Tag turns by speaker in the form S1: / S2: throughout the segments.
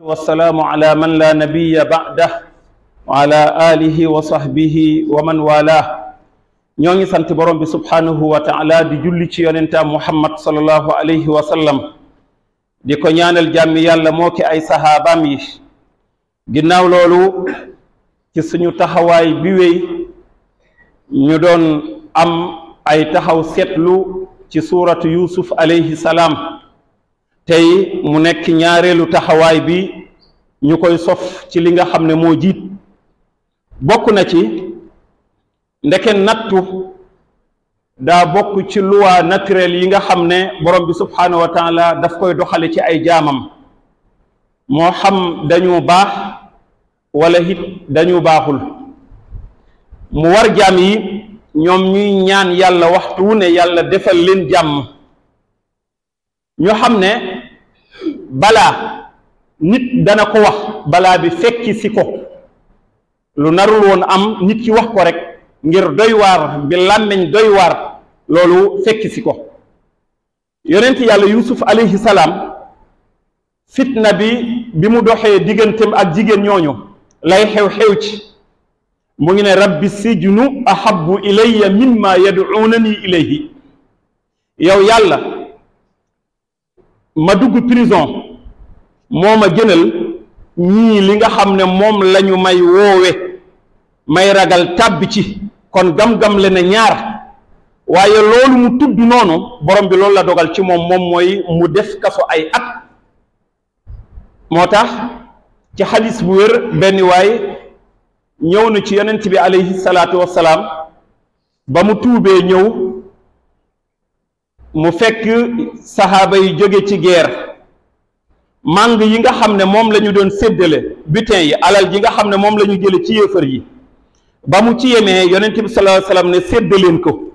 S1: والسلام على من لا نبي بعده وعلى آله وصحبه ومن والاه نيوني سانت بروم بي سبحانه وتعالى دي جولي سي محمد صلى الله عليه وسلم دي كو نيانال جامي يالا موكي اي صحابام يي غيناو لولو سي سونو تخاواي بي وي ني دون ام اي تخاو سيتلو سي سوره يوسف عليه السلام tey mu nekk ñaareelu taxawaay bi ñu koy sof ci li nga xam ne moo jiit bokk na ci ndeke nattu daa bokk ci loi naturel yi nga xam ne borom bi subhaanahu wa daf koy doxale ci ay jaamam moo xam dañu baax wala it dañu baaxul mu war jaam yi ñoom ñuy ñaan yàlla waxtu ne yàlla defal leen jàmm ñu xam ne balaa nit dana ko wax balaa bi fekki si ko lu narul am nit ki wax ko rek ngir doy waar bi làmmiñ doy waar loolu fekki si ko yonent yàlla yusuf alayhi salaam fitna bi bi mu doxee digganteem ak jigéen ñooñu lay xew-xew ci mu ngi ne rabbi sijnu ahabbu ilayya mimma yad'unani ilayhi yow yàlla ma dugg prison moom ma gënal ñii li nga xam ne moom lañu may woowe may ragal tàbbi ci kon gam-gam le na ñaar waaye loolu mu tudd noonu borom bi loolu la dogal ci moom moom mooy mu def kaso ay at moo tax ci xadis bu wér benn ñëw na ci yonent bi alayhi salaatu wassalaam ba mu tuubee ñëw mu fekk saxaaba yi jóge ci guerre màng yi nga xam ne moom la ñu doon séddale butin yi alal ji nga xam ne moom la ñu jële ci yéefar yi ba mu ci yemee yonent bi sallallahu alayhi wasallam ne séddaleen ko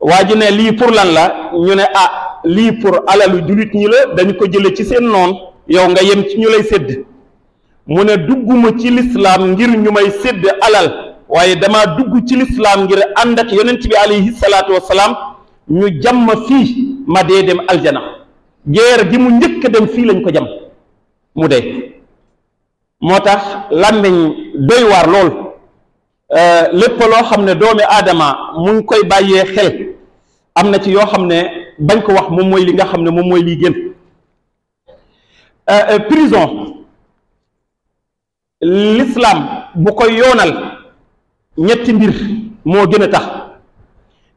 S1: waa ji ne lii pour lan la ñu ne ah lii pour alalu jullit ñi la dañu ko jële ci seen noon yow nga yem ci ñu lay sédd mu ne dugguma ci lislaam ngir ñu may sédd alal waaye damaa dugg ci lislaam ngir ànd ak yonent bi alayhi salaatu wasalaam ñu jàmm fii ma dee dem aljana guerre gi mu ñëk dem fi lañ ko jam mu dé motax tax làmmiñ doy war lool euh lépp lo xamné doomi adama mu ngi koy bayé xel amna ci yo xamné bañ ko wax mom moy li nga xamné mom moy li gën euh prison l'islam bu koy yonal ñetti mbir mo gëna tax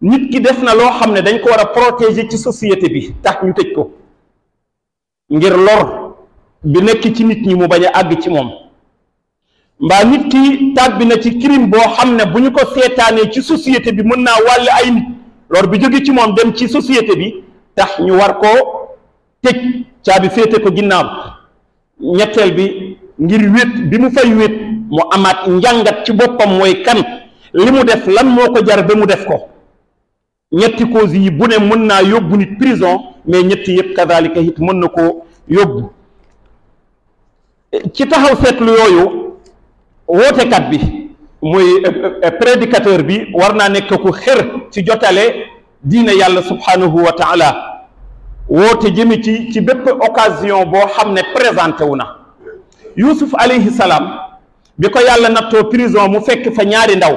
S1: nit ki def na lo xamné dañ ko wara protéger ci société bi tax ñu tejj ko ngir lor bi nekk ci nit ñi mu bañ a àgg ci moom mbaa nit ki tàbbi na ci crime boo xam ne bu ñu ko seetaanee ci société bi mën naa wàll ay nit lor bi jóge ci moom dem ci société bi tax ñu war koo tëj caabi seete ko ginnaaw ñetteel bi ngir wéet bi mu fay wét mu amaat njàngat ci boppam mooy kan li mu def lan moo ko jar ba mu def ko ñetti cause bu ne mën naa yóbbu nit prison mais ñetti yëpp kazalika it mën na ko yóbbu ci taxaw seetlu yooyu wootekat bi muy e, e, prédicateur bi war naa nekk ku xër ci jotale diine yàlla subhanahu wa taala woote jëmi ci ci bépp occasion boo xam ne présenté wu na Yusuf alayhi salaam bi ko yàlla nattoo prison mu fekk fa ñaari ndaw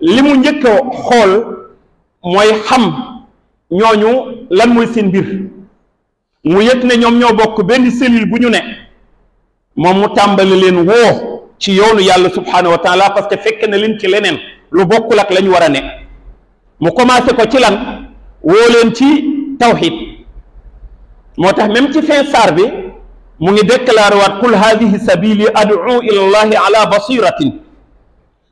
S1: li mu njëkk xool moy xam ñooñu lan moy seen bir mu yek ne ñom ñoo bokk benn cellule bu ñu ne mom mu tàmbali leen wo ci yoonu yàlla subhanahu wa taala parce que fekk na leen ci leneen lu bokkul ak la wara ne mu commencé ko ci lan wo leen ci tawhid motax même ci fin sar bi mu ngi déclarer wat kul hadhihi sabili ad'u ila allah ala basiratin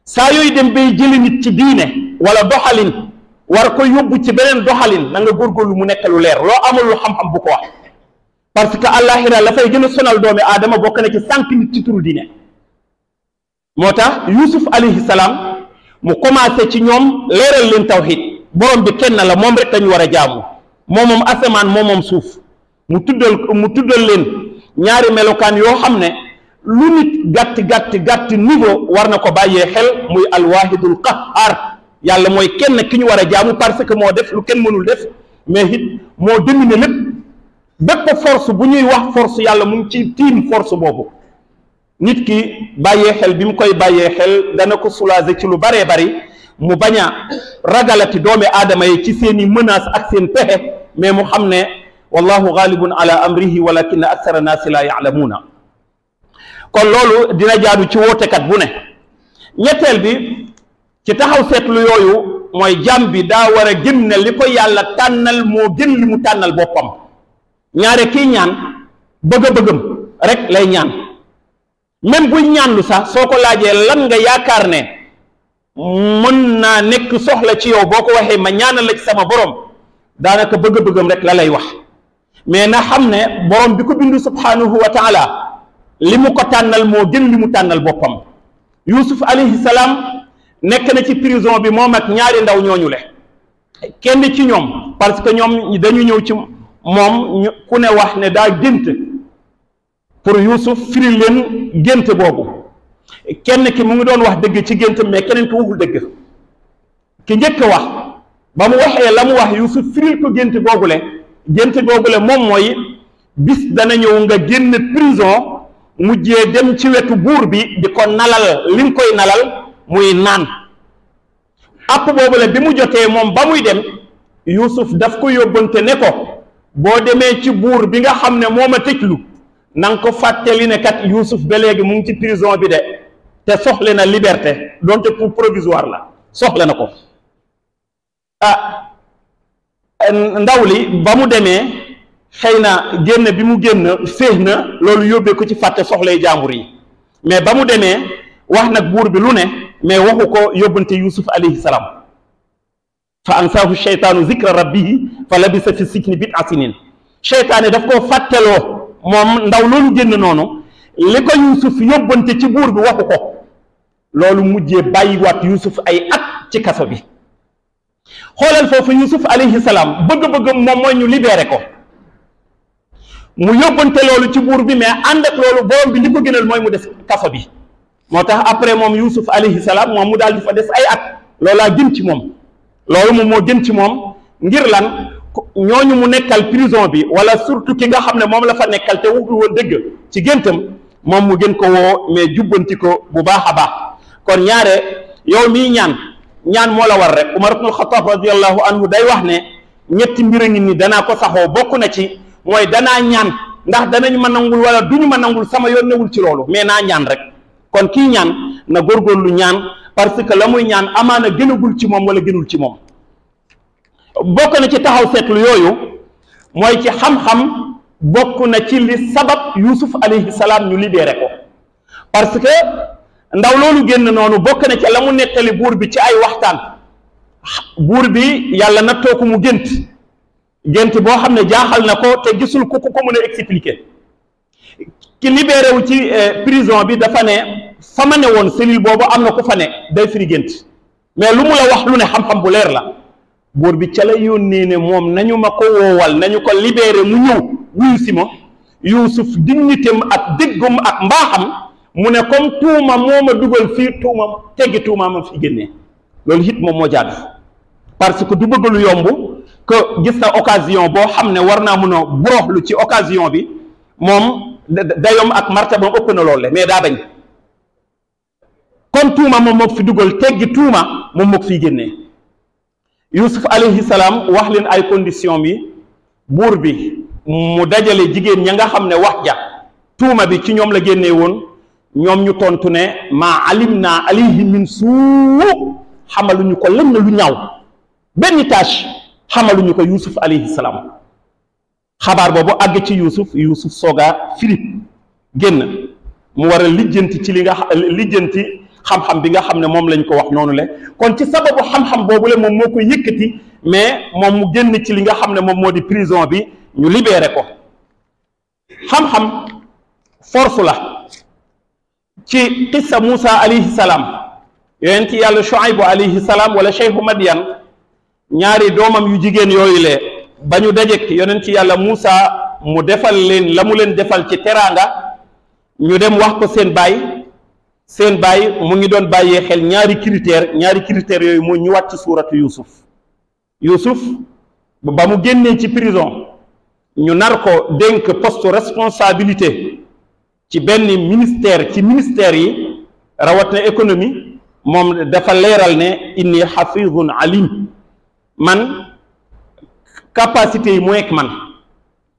S1: sa yoy dem bay jëli nit ci diine wala doxalin war ko yóbbu ci beneen doxalin na nga lu mu nekk lu leer loo amul lu xam-xam bu ko wax parce que àllaaxira la fay gën a sonal doomi aadama bokk na ci sànq nit ci turu diine moo tax Yuusuf alayhi salaam mu commencé ci ñoom leeral leen tawxid borom bi kenn la moom rek dañu war a jaamu moom moom asamaan moom moom suuf mu tuddal mu tuddal leen ñaari melokaan yoo xam ne lu nit gàtt gàtt gàtt niveau war na ko bàyyee xel muy alwaahidul qahar yàlla moy kenn ki ñu war jaamu parce que mo def lu kenn mënul def mais hit mo dominer lépp bépp force bu ñuy wax force yàlla mu ci tiim force bobu nit ki baye xel bi mu koy baye xel na ko soulager ci lu bare bare mu baña ragalati doomi aadama yi ci seeni menace ak seen pexe mais mu xamne wallahu ghalibun ala amrihi walakin akthara nas la ya'lamuna kon lolu dina jaadu ci kat bu ne ñettel bi ci taxaw seetlu yooyu mooy jàmm bi daa war a gëm ne li ko yàlla tànnal moo gën li mu tànnal boppam ñaare kii ñaan bëgg-bëggam rek lay ñaan même buy ñaanlu sax soo ko laajee lan nga yaakaar ne mën naa nekk soxla ci yow boo ko waxee ma ñaanal la ci sama borom daanaka bëgg-bëggam rek la lay wax mais na xam ne borom bi ko bindu subhanahu wa taala li mu ko tànnal moo gën li mu tànnal boppam yusuf alayhi nekk na ci prison bi moom ak ñaari ndaw ñooñu le kenn ci ñoom parce que ñoom dañu ñëw ci moom ku ne wax ne daa gént pour Yuusuf firi leen gént boobu kenn ki mu ngi doon wax dëgg ci gént mais keneen ki waxul dëgg ki njëkk wax ba mu waxee la mu wax Yuusuf firil ko gént googule gént googule moom mooy bis dana ñëw nga génn prison mujjee dem ci wetu buur bi di ko nalal li nga koy nalal muy naan app boobu la bi mu jotee moom ba muy dem Yuusuf daf ko yóbbante ne ko boo demee ci buur bi nga xam ne moo ma tëjlu na nga ko fàtteli ne kat Yuusuf ba léegi mu ngi ci prison bi de te soxla na liberté donte pour provisoire la soxle na ko ah ndaw li ba mu demee xëy na génn bi mu génn féex na loolu yóbbee ko ci fàtte soxle jàmbur yi mais ba mu demee wax nag buur bi lu ne mais waxu ko yusuf alayhi salam fa ansaahu shaytanu zikra rabbih fa labisa fi sikni bit asinin cheytaane daf ko fatelo mom ndaw lolu génn noonu liko yusuf yobante ci buur bi waxu ko mujjé bayyi wat yusuf ay at ci kasso bi xolal fofu yusuf alayhi salam bëgg-bëggam mom moy ñu libérer ko mu yobante lolu ci buur bi mais ànd ak loolu borom bi liko gënal moy mu def kasso bi moo tax après moom Yuusuf alayhi salaam moom mu daal di fa des ay at loolaa gën ci moom loolu moom moo gën ci moom ngir lan ñooñu mu nekkal prison bi wala surtout ki nga xam ne moom la fa nekkal te wutul woon dëgg ci géntam moom mu gën ko woo mais jubbanti bu baax a baax kon ñaare yow mii ñaan ñaan moo la war rek Umar ibnul Xattaab radiyallahu anhu day wax ne ñetti mbir a ngi ni danaa ko saxoo bokk na ci mooy danaa ñaan ndax danañ ma nangul wala duñu ma nangul sama yoon newul ci loolu mais naa ñaan rek kon kii ñaan na góorgóorlu ñaan parce que la muy ñaan amaana gënagul ci moom wala gënul ci moom bokk na ci taxaw seetlu yooyu mooy ci xam-xam bokk na ci li sabab Yuusuf alayhi salaam ñu libéré ko parce que ndaw loolu génn noonu bokk na ci la mu nettali buur bi ci ay waxtaan buur bi yàlla nattoo ko mu gént gént boo xam ne jaaxal na ko te gisul ku ko ko mën a expliquer ki libéré wu ci eh, prison bi dafa ne fa ma ne woon cellule boobu am na ku fa ne day firi gént mais lu mu la wax lu ne xam-xam bu leer la buur bi ca la yónnee ne moom nañu ma ko woowal nañu ko libere mu ñëw wuyu si ma Yuusuf dignitéem ak déggum ak mbaaxam mu ne comme tuuma moo ma dugal fii tuuma teggi tuuma ma fi génnee loolu it moom moo jaadu parce que du bëgg lu yomb que gis na occasion boo xam ne war naa mën a boroxlu ci occasion bi moom dayoom ak marte martabam ëpp na loolu le mais daa comme tuuma moom moo ko fi dugal teggi tuuma moom moo ko fiy génnee yusuf alayhi salaam wax leen ay condition bi buur bi mu dajale jigéen ñi nga xam ne wax ja tuuma bi ci ñoom la génnee woon ñoom ñu tontu ne maa alim naa alayhi min suu xamaluñu ko lenn lu ñaaw benn tâche xamaluñu ko yusuf alayhi salaam xabaar boobu àgg ci yusuf yusuf sooga Philippe génn mu war a lijjanti ci li nga lijjanti xam-xam bi nga xam ne moom lañ ko wax noonu le kon ci sababu xam-xam boobu le moom moo koy yëkkati mais moom mu génn ci li nga xam ne moom moo di prison bi ñu libéré ko xam-xam force la ci qissa Moussa alayhi salaam ci yàlla Shuaybu alayhi salaam wala cheikhu Madian ñaari doomam yu jigéen yooyu le ba ñu dajek ci yàlla Moussa mu defal leen la mu leen defal ci teraanga ñu dem wax ko seen baay seen bàyyi mu ngi doon bàyyee xel ñaari critère ñaari critères yooyu moo ñëwaat ci suuratu Yuusuf Yuusuf ba mu génnee ci prison ñu nar ko dénk poste responsabilité ci benn ministère ci ministère yi rawat na économie moom dafa leeral ne inni xafizun alim man capacité yi mu nekk man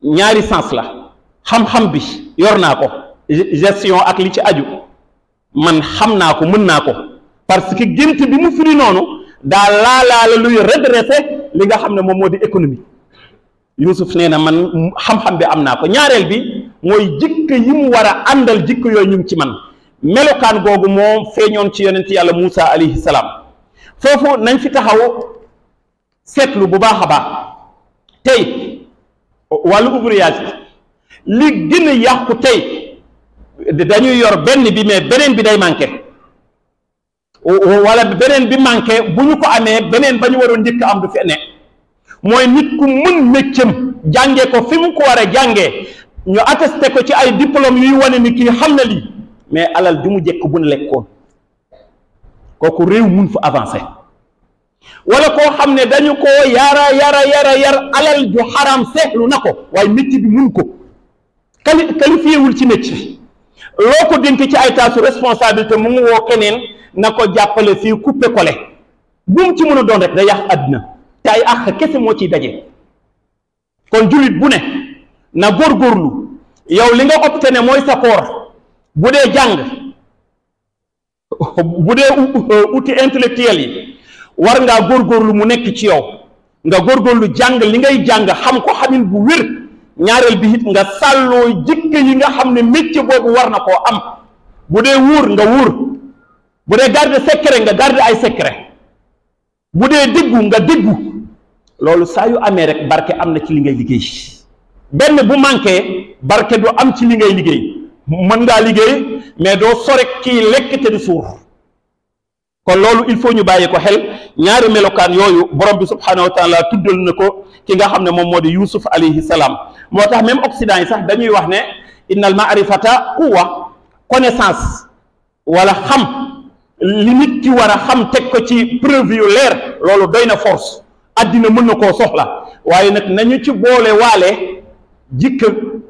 S1: ñaari sens la xam-xam bi yor naa ko gestion ak li ci aju man xam naa ko mën naa ko parce que gént bi mu firi noonu daa laalaala luy redresser li nga xam ne moom moo di économie Youssouf nee na man xam-xam bi am naa ko ñaareel bi mooy jikko yi mu war a àndal jikko yooyu ñu ci man melokaan googu moo feeñoon ci yonent yàlla Moussa alayhi salaam foofu nañ fi taxaw seetlu bu baax a baax tey wàllu ouvrage li gën yàqu tey. dañuy yor benn bi mais beneen bi day manqué walla beneen bi manqué bu ñu ko amee beneen ba ñu waroon njëkk am du fi ne mooy nit ku mën méccam jàngee ko fi mu ko war a jàngee ñu attesté ko ci ay diplôme yuy wane ni kii xam na lii mais alal ju mu jëkk bu ñu lekkoon kooku réew mun fa avancé wala koo xam ne dañu koo yara yara yara yar alal ju xaraam seexlu na ko waaye métti bi mun ko qualifié ci métti bi loo ko dénk ci ay taasu responsabilité mu ngi woo keneen na ko jàppale fii coupé collé bu mu ci mën a doon rek da yàq àddina te ay àq kese moo ciy daje kon jullit bu ne na góor góorgóorlu yow li nga opté ne mooy sa koor bu dee jàng bu dee outil intellectuel yi war ngaa góorgóorlu mu nekk ci yow nga góor góorlu jàng li ngay jàng xam ko xamin bu wér ñaareel bi it nga sàlloo jikko yi nga xam ne métier boobu war na koo am bu dee wuur nga wuur bu dee garde secret nga garde ay secret bu dee déggu nga déggu loolu saa yu amee rek barke am na ci li ngay liggéey benn bu manqué barke du am ci li ngay liggéey mën ngaa liggéey mais doo sore kii lekk te du suur kon loolu il faut ñu bàyyi ko xel ñaari melokaan yooyu borom bi subhanahu wa taala tuddal na ko ki nga xam ne moom moo di yusuf alayhi salaam moo tax même Occident yi sax dañuy wax ne innal maarifata quwa connaissance wala xam li nit ki war a xam teg ko ci preuve yu leer loolu doy na force àddina mën na koo soxla waaye nag nañu ci boole waale jikk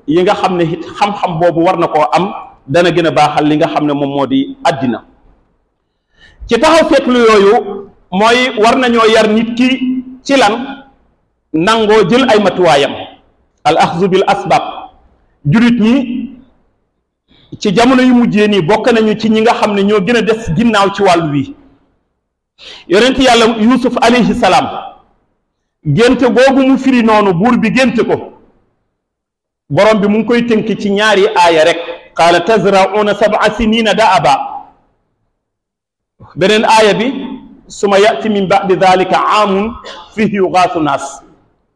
S1: yi nga xam ne it xam-xam boobu war na koo am dana gën a baaxal li nga xam ne moom moo di àddina ci taxaw seetlu yooyu mooy war nañoo yar nit ki ci lan nangoo jël ay matuwaayam al axzu bil asbab julit ñi ci jamono yu mujjee nii bokk nañu ci ñi nga xam ne ñoo gën a des ginnaaw ci wàllu wi yonent yàlla yusuf alayhi salaam gént googu mu firi noonu buur bi gént ko borom bi mu ngi koy tënk ci ñaari aaya rek qaala tazrauna sab'a sinina daaba beneen aaya bi suma yati min ba'di dhalika aamun fihi yugaasu naas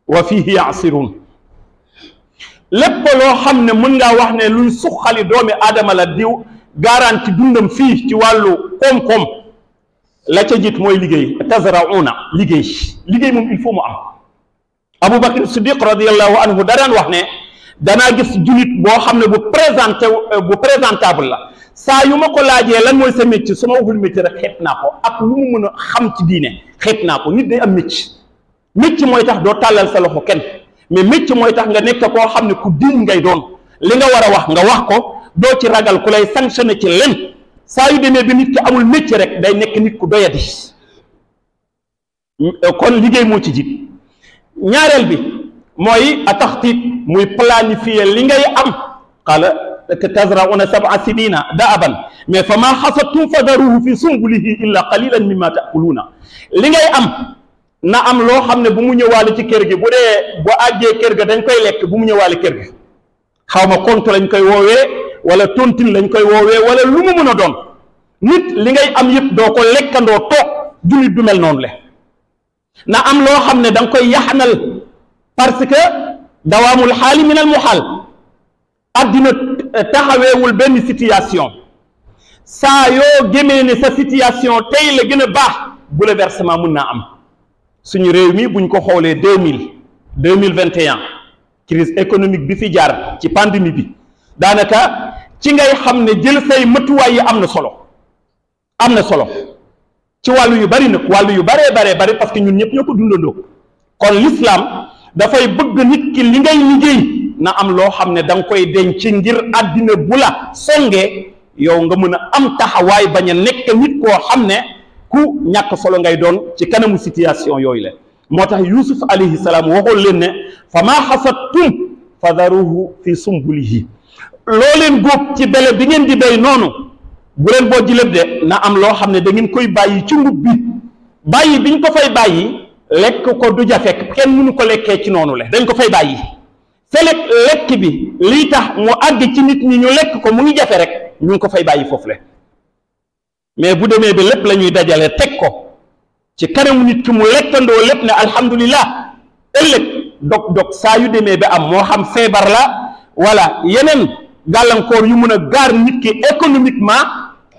S1: wa fihi yasirun lépp loo xam ne mën ngaa wax ne luy suqali doomi aadama la diw garanti dundam fii ci wàllu koom-koom la ca jiit mooy liggéey tazrauna liggéey liggéey moom il faut mu am aboubacar siddiq radiallahu anhu danaan wax ne danaa gis julit boo xam ne bu présenté bu présentable la saa yu ma ko laajee lan mooy sa métier su ma waxul métier rek xeeb naa ko ak lu mu mën a xam ci diine xeeb naa ko nit day am métier métier mooy tax doo tàllal sa loxo kenn mais metti moy tax nga nek ko xam ku diñ ngay doon li nga wara wax nga wax ko do ci ragal ku lay sanctionné ci len sa yu deme bi nit ki amul metti rek day nek nit ku doyati kon liggéey mo ci jib ñaarel bi moy a taxtit muy planifier li ngay am qala tazrauna sab'a sinina daaban mais fa ma xasadtum fa daruhu fi sunbulihi illa qalilan mimma taakuluuna li ngay am na am lo xamne bu mu ñëwaale ci kër gi bu dé bu aggé kër ga dañ koy lek bu mu ñëwaale kër ga xawma ma compte lañ koy wowe wala tontin lañ koy wowe wala lu mu mëna doon nit li ngay am yëpp do ko lekkandoo toog jullit du mel non le na am lo xamne ne koy yahnal parce que dawamul hal min al muhal adina taxawewul ben situation sa yo gemene sa situation tay le gëna bax bu le versement mëna am suñu réew mii buñ ko xoolee deux mille deux mille vingt et un crise économique bi fi jaar ci pandémie bi daanaka ci ngay xam ne jël say matuwaay yi am na solo am na solo ci wàllu yu bari nag wàllu yu baree baree bari parce que ñun ñëpp ñoo ko dundandoo kon l'islam dafay bëgg nit ki li ngay liggéey na am loo xam ne danga nga koy denc ngir àddina bu la songee yow nga mën a am taxawaay bañ a nekk nit koo xam ne ku ñàkk solo ngay doon ci kanamu situation yooyu la moo tax yusuf alayhi salaam waxoon leen ne fa maa xasattum fadaruhu fi sumbulihi loo leen góob ci bele bi ngeen di béy noonu bu leen boo jilëb de na am loo xam ne da ngeen koy bàyyi ci ngub bi bàyyi biñ ko fay bàyyi lekk ko du jafe kenn mënu ko lekkee ci noonu la dañ ko fay bàyyi selek lekk bi lii tax mu àgg ci nit ñi ñu lekk ko mu ngi jafe rek ñu ngi ko fay bàyyi foofu la mais bu demee ba lépp la ñuy dajale teg ko ci kanamu nit ki mu lekkandoo lépp ne alhamdulillah ëllëg dog dog saa yu demee bi am moo xam feebar la wala yeneen gàllankoor yu mën a gaar nit ki économiquement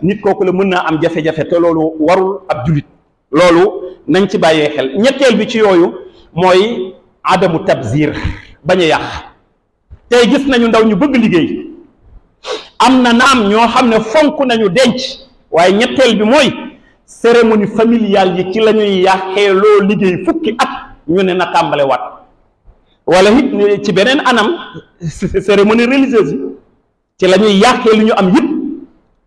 S1: nit kooku la mën naa am jafe-jafe te loolu warul ab julit loolu nañ ci bàyyee xel ñetteel bi ci yooyu mooy adamu tabzir bañ a yàq tey gis nañu ndaw ñu bëgg liggéey am na naam ñoo xam ne fonk nañu denc waaye ñetteel bi mooy cérémonie familiale yi ci la ñuy yaxeeloo liggéey fukki at ñu ne na tàmbale waat wala it ci beneen anam cérémonie religieuse yi ci la ñuy yaxee li ñu am yëpp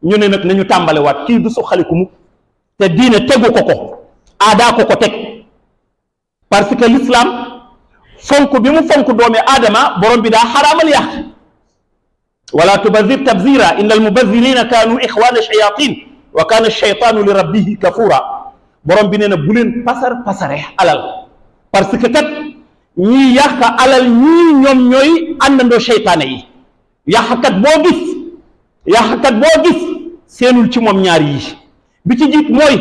S1: ñu ne nag nañu tàmbale waat kii du su xaliku mu te diine tegu ko ko aadaa ko ko teg parce que l'islam fonk bi mu fonk doomi aadama borom bi daa xaraamal yàq wala tubazir tabzira inna almubazirina kanu ixwana shayatin wa kaana shaytaanu li rabbihi kafura borom bi nee na bu leen pasar pasare alal parce que kat ñiy yàq alal ñii ñoom ñooy àndandoo seytaane yi yàqkat boo gis yàqkat boo gis seenul ci moom ñaar yi bi ci jiit mooy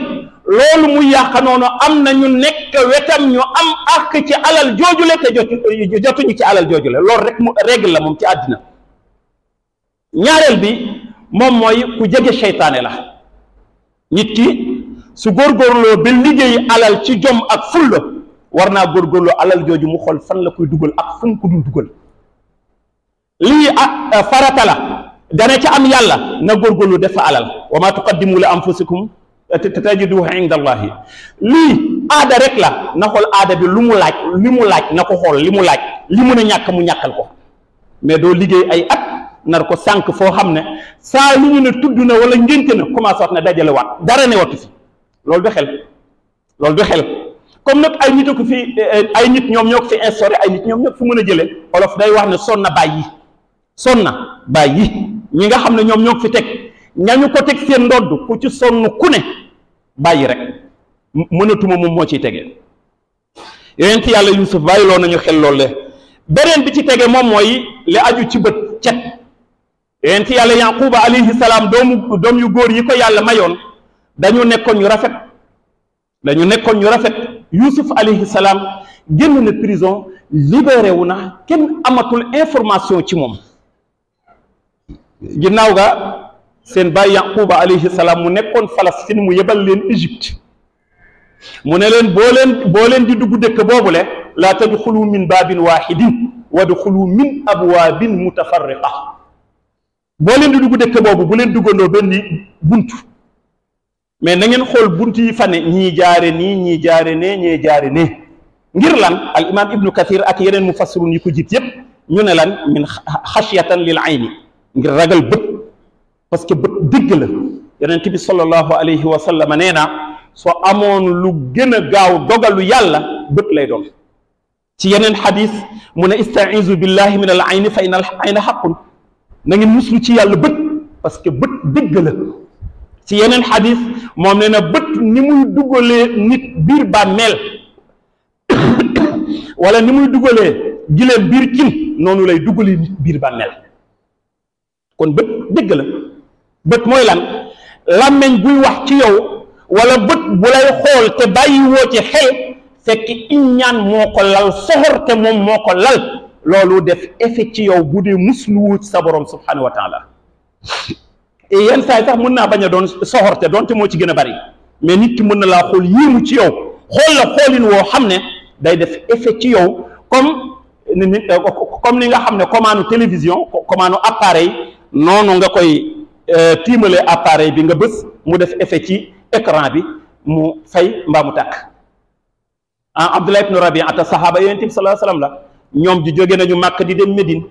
S1: loolu muy yàq noonu am na ñu nekk wetam ñu am àq ci alal joojule te jotu jotuñu ci alal joojule loolu rek mu règle la moom ci àddina ñaareel bi moom mooy ku jege seytaane la nit ki su góorgóorloo ba liggey alal ci jom ak fulla warna gor góorgóorloo alal joju mu xol fan la koy duggal ak fu ko dul duggal li ah, eh, farata la dana ci am yalla na góorgóorlu def alal wa ma tuqaddimu li anfusikum eh, tatajidu inda allahi lii rek la na xol ada bi limu laaj limu laaj na xol limu laaj limu ne ñak mu ñakal ko mais do liggey ay at nar ko sànq foo xam ne saa lu ñu ne tudd na wala ngénte na commencé wax ne dajale waat dara ne wattu si loolu du xel loolu du xel comme nag ay nit a ko fi eh, ay nit ñoom ñoo ko fi ay nit ñoom ñoo ko mën a jëlee olof day wax ne sonna bàyyi sonna bàyyi ñi nga xam ne ñoom ñoo ko fi teg ñañu ko teg seen ndodd ku ci sonn ku ne bàyyi rek mënatuma moom moo ciy tegee yonent yàlla Yuusuf bàyyiloo nañu xel loolu le beneen bi ci tegee moom mooy li aju ci bët cet enti yàlla yaquba alayhi salam dom dom yu gor yi ko yàlla mayon dañu nekkon ñu rafet dañu nekkon ñu rafet yusuf alayhi salam génn na prison libéré wuna ken amatul information ci mom ginnaw ga sen baay yaquba alayhi salam mu nekkon falastin mu yebal len Égypte mu ne len bo len bo len di dugg dëkk bobu le la tadkhulu min babin wahidin wa dxulu min abwabin mutafarriqah boo leen di dugg dëkk boobu bu leen duggandoo benn bunt mais na ngeen xool bunt yi fa ne ñii jaare nii ni. jaare ne ñii jaare ne ngir lan al imam ibnu kathir ak yeneen mufassirun yi ko jiit yépp ñu ne lan min xashyatan lil ayni ngir ragal bët parce que bët dëgg la yonent bi sallallahu alayhi wa sallam nee na soo amoon lu gën gaaw dogalu yàlla bët lay doon ci yeneen xadis mu istaizu billahi min al ayni fa in al ayna xaqun na ngeen muslu ci yàlla bët parce que bët dëgg la ci yeneen xadis moom nee na bët ni muy dugalee nit biir bàmmeel wala ni muy dugalee gileem biir cin noonu lay dugalee nit biir bàmmeel kon bët dëgg la bët mooy lan làmmeñ buy wax ci yow wala bët bu lay xool te bàyyi ci xel fekk iññaan moo ko lal soxor te moom moo ko lal loolu def effet ci yow bu dee musluwut sa borom subhanahu wa taala et yenn saa sax mën naa bañ a doon soxorte doonte moo ci gën a bari mais nit ki mën na laa xool yéemu ci yow xool la xoolin woo xam ne day def effet ci yow comme ni euh, comme ni nga xam ne commande télévision commande appareil noonu nga koy euh, tiimale appareil bi nga bës mu def effet ci écran bi mu fay mbaa mu tàkk ah Abdullah ibnu Rabi ata sahaaba yonent bi sallallahu alayhi wa sallam la ñom ji joge nañu makk di dem Medine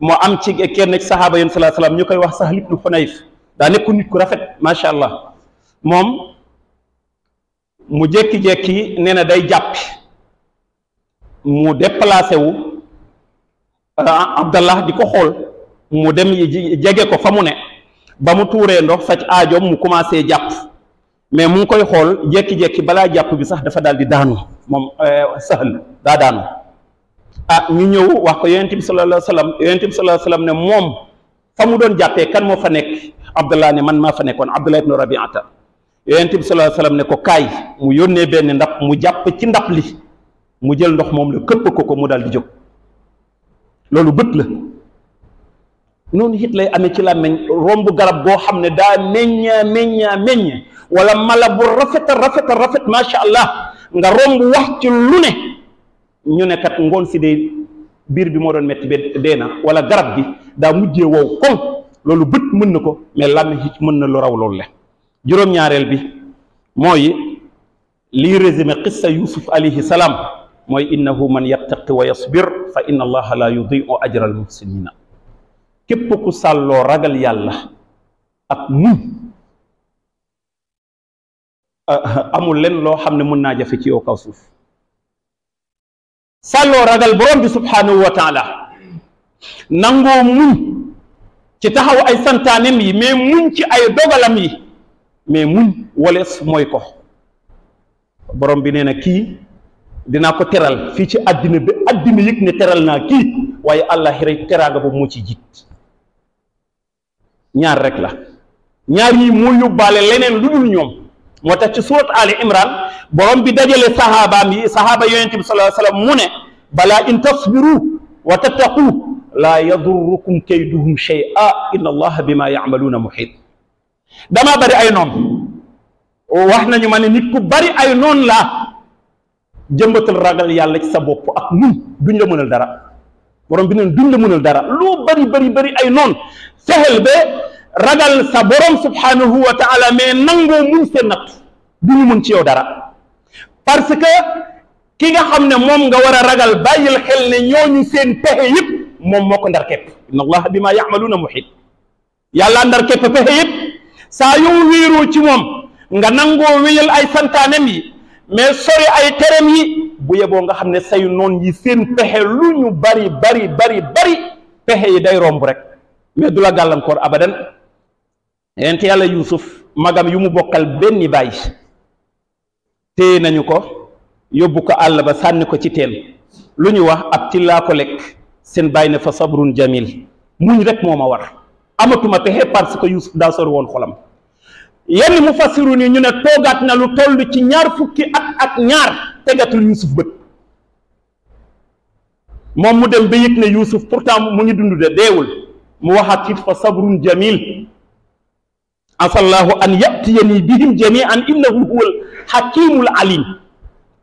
S1: mo am ci kenn ci sahaba yéen sallallahu alayhi wasallam koy wax sahl ibn hunayf da nekku nit ku rafet macha allah mom mu jekki jekki neena day japp mu déplacer wu ah, abdallah di xol mu dem jege ko famu ne ba mu touré ndox faj ajom mu commencé japp mais mu koy xol jekki jekki bala japp bi sax dafa daldi daanu mom eh, sahl da daanu ah ñu ñëw wax ko yonent bi sallallahu alayhi wa sallam yonent ne moom fa mu doon jàppee kan moo fa nekk Abdullah ne man maa fa nekkoon Abdullah ibnu Rabiata yonent bi sallallahu alayhi wa sallam ne ko kaay mu yónnee benn ndab mu jàpp ci ndab li mu jël ndox moom la këpp ko ko mu daal di jóg loolu bët la noonu it lay amee ci làmmeñ romb garab boo xam ne daa meññaa meññaa meññ wala mala bu rafet a rafet a rafet allah nga romb wax ci lu ne. ñu ne kat ngon ci de bir bi mo doon métti ba dee wala garab bi da mujjé wo koŋ lolu beut mën nako mais lan ci mën na lu raw lolu le jurom ñaarel bi moy li résumé qissa yusuf alayhi salam moy innahu man yattaqi wa yasbir fa inna allah la yudhi'u ajra al muhsinin kep ku sallo ragal yàlla ak mu amul len lo xamne mën na jafe ci yow kaw suuf sàlloo ragal borom bi subhanahu wa taala nangoo muñ ci taxaw ay santaanem yi mais muñ ci ay dogalam yi mais muñ walees mooy ko borom bi nee na kii dinaa ko teral fii ci àddina bi àddina yëg ne teral naa kii waaye àllaxira teraanga ba moo ci jiit ñaar rek la ñaar yi moo yóbbaale leneen lu dul ñoom moo tax ci surat ali imran borom bi dajale saxaabaam yi saxaaba yonente bi sallallahu alayhi mu ne balaa in tasbiru wa tattaqu laa yadurrukum kayduhum shay'a inna allaha bima ya'maluna muhit damaa bari ay noon wax nañu ma ne nit ku bari ay noon laa jëmbatal ragal yàlla ci sa bopp ak mun duñ la mënal dara borom bi dara lu bari bari bari ay noon fexeel ba ragal sa borom subhanahu wa taala mais nangoo muñ seen nattu du ñu mun ci yow dara parce que ki nga xam ne moom nga war a ragal bàyyil xel ne ñooñu seen pexe yëpp moom moo ko ndar képp inna allaha bima yaamaluuna muhit yàlla ndar képp pexe yëpp saa yow wéeroo ci moom nga nangoo wéyal ay santaanem yi mais sori ay terem yi bu yeboo nga xam ne say noon yi seen pexe lu ñu bari bari bari bari pexe yi day romb rek mais du la gàllankoor abadan yonent yàlla yuusuf magam yu mu bokkal benn baay téye nañu ko yóbbu ko àll ba sànni ko ci teen lu ñu wax ab til ko lekk seen bàyyi ne fa sabrun jamil muñ rek moo ma war amatuma pexe parce que yuusuf daa sor woon xolam yenn mu fassiru ni ñu ne toogaat na lu toll ci ñaar fukki at ak ñaar tegatul yuusuf bët moom mu dem ba yëg ne yuusuf pourtant mu ngi dund de deewul mu waxaat it fa sabrun jamil عسى الله ان ياتيني بهم جميعا انه هو الحكيم العليم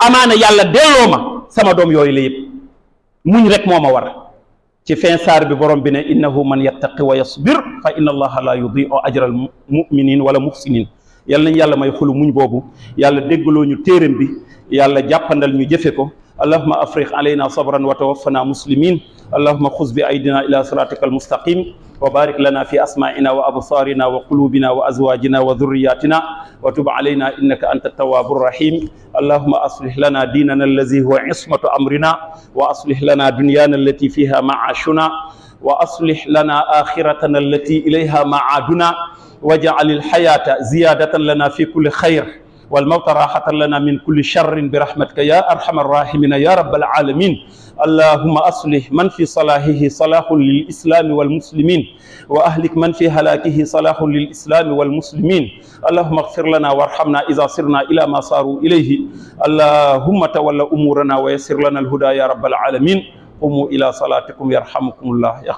S1: امانه يالا دلوما سما دوم يوي لي موني رك موما وار تي فين سار بي بروم بي انه من يتقي ويصبر فان الله لا يضيع اجر المؤمنين ولا المحسنين يالا يالا ماي خلو موني بوبو يالا دغلو ني تيرم بي يالا جاباندال ني جيفيكو اللهم افرغ علينا صبرا وتوفنا مسلمين اللهم خذ بايدنا الى صراطك المستقيم وبارك لنا في أسمائنا وأبصارنا وقلوبنا وأزواجنا وذرياتنا وتب علينا إنك أنت التواب الرحيم اللهم أصلح لنا ديننا الذي هو عصمة أمرنا وأصلح لنا دنيانا التي فيها معاشنا وأصلح لنا آخرتنا التي إليها معادنا واجعل الحياة زيادة لنا في كل خير والموت راحة لنا من كل شر برحمتك يا أرحم الراحمين يا رب العالمين اللهم أصلح من في صلاحه صلاح للإسلام والمسلمين وأهلك من في هلاكه صلاح للإسلام والمسلمين اللهم اغفر لنا وارحمنا إذا صرنا إلى ما صاروا إليه اللهم تولى أمورنا ويسر لنا الهدى يا رب العالمين قوموا إلى صلاتكم يرحمكم الله